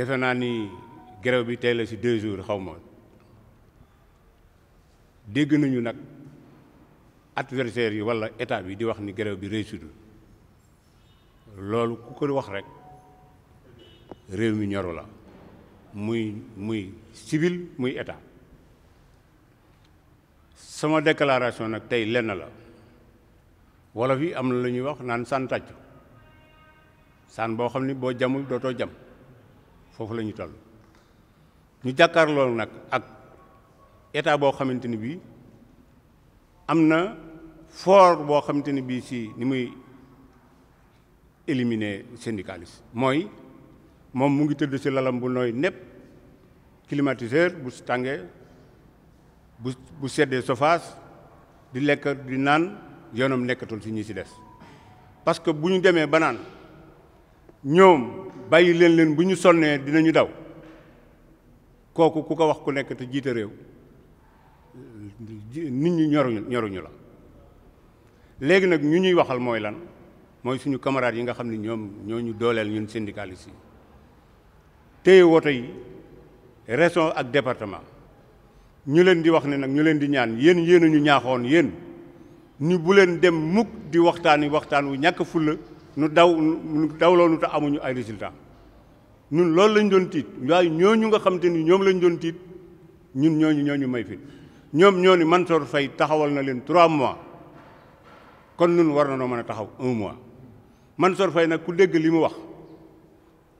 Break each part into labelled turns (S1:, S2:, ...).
S1: defe naa ni grève bi tey la si deux jours xaw ma dégg nañu nag adversaire yi wala état bi di wax ni grève bi réussir loolu ku ko wax rek réew mi ñoro la muy muy civil muy état sama déclaration nag tey lenn la wala fi am na lu ñuy wax naan san bo saan boo xam ni boo jamul dootoo jam foofu la ñu toll ñu jàkkaarloo nag ak état boo xamante ni bii am na fort boo xamante ni bii si ni muy éliminer syndicaliste mooy moom mu ngi tëdd ci lalam bu nooy népp climatiseur bu tàngee bu bu seddee sofaas di lekk di naan yoonam nekkatul si ñi ci des parce que bu ñu demee ba naan ñoom bàyyi leen leen bu ñu sonnee dinañu daw kooku ku ko wax ku nekk te jiite réew nit ñi ñoruñu ñoruñu la léegi nag ñu ñuy waxal mooy lan mooy suñu camarades yi nga xam ni ñoom ñoo ñu dooleel ñun syndicalistes yi téye woto yi région ak département ñu leen di wax ne nag ñu leen di ñaan yéen yéen ñu ñaaxoon yéen ñu bu leen dem mukk di waxtaani waxtaan wu ñàkk fulla nu daw nu dawloo nu te amuñu ay résultat ñun loolu lañ doon tiit waaye ñooñu nga xam te ni ñoom lañu doon tiit ñun ñooñu ñooñu may fi ñoom ñoo ni Mansour fay taxawal na leen trois mois kon ñun war na noo mën a taxaw 1 mois man sor fay nag ku dégg li mu wax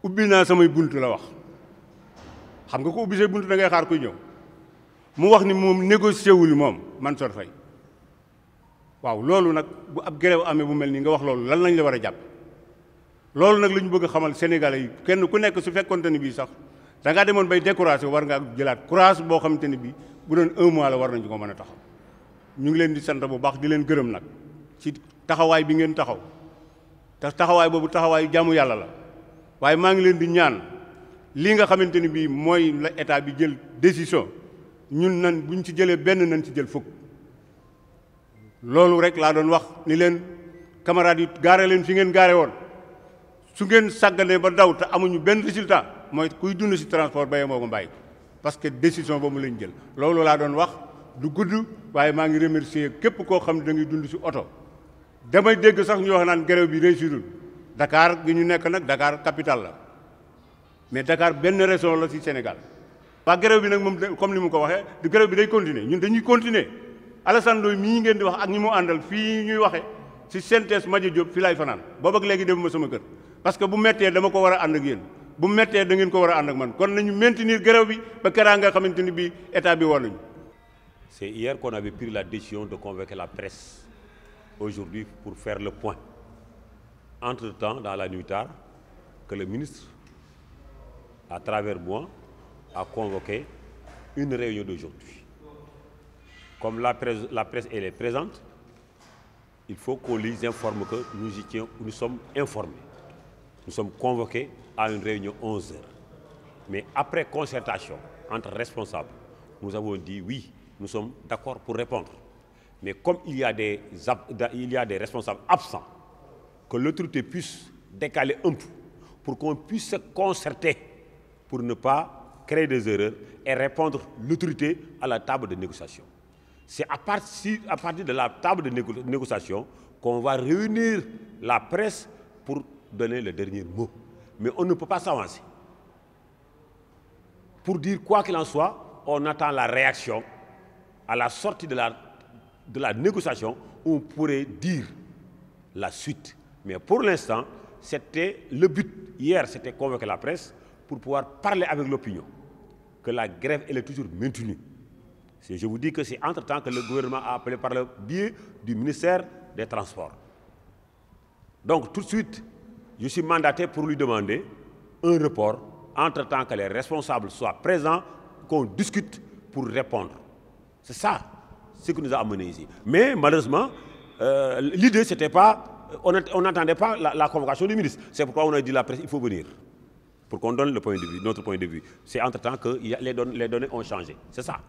S1: ubbi naa samay bunt la wax xam nga ko ubbi say bunt da ngay xaar kuy ñëw mu wax ni moom négocié wul moom Mansour fay waaw loolu nag bu ab grève amee bu mel nii nga wax loolu lan lañ la war a jàpp. loolu nak luñu Kamal bëgg xamal sénégalais yi kenn ku nekk su fekkonté ni dekorasi, sax da nga demoon bay découragé war nga jëlat courage bo xamanté ni bi bu doon 1 mois la war nañu ko mëna taxaw ñu ngi leen di sant bu baax di leen gërëm nak ci taxaway bi ngeen taxaw ta taxaway bobu taxaway jaamu yalla la waye ma ngi leen di ñaan li nga xamanté ni bi moy la état bi jël décision ñun nan buñ ci jëlé ben nan ci jël fukk lolou rek la doon wax ni leen camarade yi garé leen fi ngeen garé won su ngeen sàgganee ba daw te amuñu benn résultat mooy kuy dund si transport baye moo ko bàyyi parce que décision ba mu lañ jël loolu laa doon wax du gudd waaye maa ngi remercier képp koo xam ne da ngay dund si oto damay dégg sax ñu wax naan grève bi réussirul Dakar bi ñu nekk nag Dakar capital la mais Dakar benn région la si Sénégal waa grève bi nag moom comme ni mu ko waxee du grève bi day continuer ñun dañuy continuer Alassane Ndoye mii ngeen di wax ak ñi mu àndal fii ñuy waxee si synthèse Madia Diop fii laay fanaan ak léegi dem sama kër parce que bu mettez dama ko war a ànd ak yéen bu da ngeen ko war a ak man kon nañu maintenir grève bi ba keraa nga xamante ni bi état bi
S2: c'est hier qu'on avait pris la décision de convoquer la presse aujourd'hui pour faire le point entre-temps dans la nuit tard que le ministre à travers moi a convoqué une réunion d'aujourd'hui comme la presse, la presse elle est présente il faut qu'on les informe que nous, y nous sommes informés nous sommes convoqués à une réunion 11h. Mais après concertation entre responsables, nous avons dit oui, nous sommes d'accord pour répondre. Mais comme il y a des, il y a des responsables absents, que l'autorité puisse décaler un peu pour qu'on puisse se concerter pour ne pas créer des erreurs et répondre l'autorité à la table de négociation. C'est à partir, à partir de la table de négociation qu'on va réunir la presse pour donner le dernier mot. Mais on ne peut pas s'avancer. Pour dire quoi qu'il en soit, on attend la réaction. À la sortie de la, de la négociation, on pourrait dire la suite. Mais pour l'instant, c'était le but. Hier, c'était convoquer la presse pour pouvoir parler avec l'opinion. Que la grève, elle est toujours maintenue. Je vous dis que c'est entre-temps que le gouvernement a appelé par le biais du ministère des Transports. Donc tout de suite, je suis mandaté pour lui demander un report, entre-temps que les responsables soient présents, qu'on discute pour répondre. C'est ça ce qui nous a amenés ici. Mais malheureusement, euh, l'idée, c'était pas, on n'attendait pas la, convocation du ministre. C'est pourquoi on a dit à la presse, il faut venir, pour qu'on donne le point de vue, notre point de vue. C'est entre-temps que les données ont changé. C'est ça.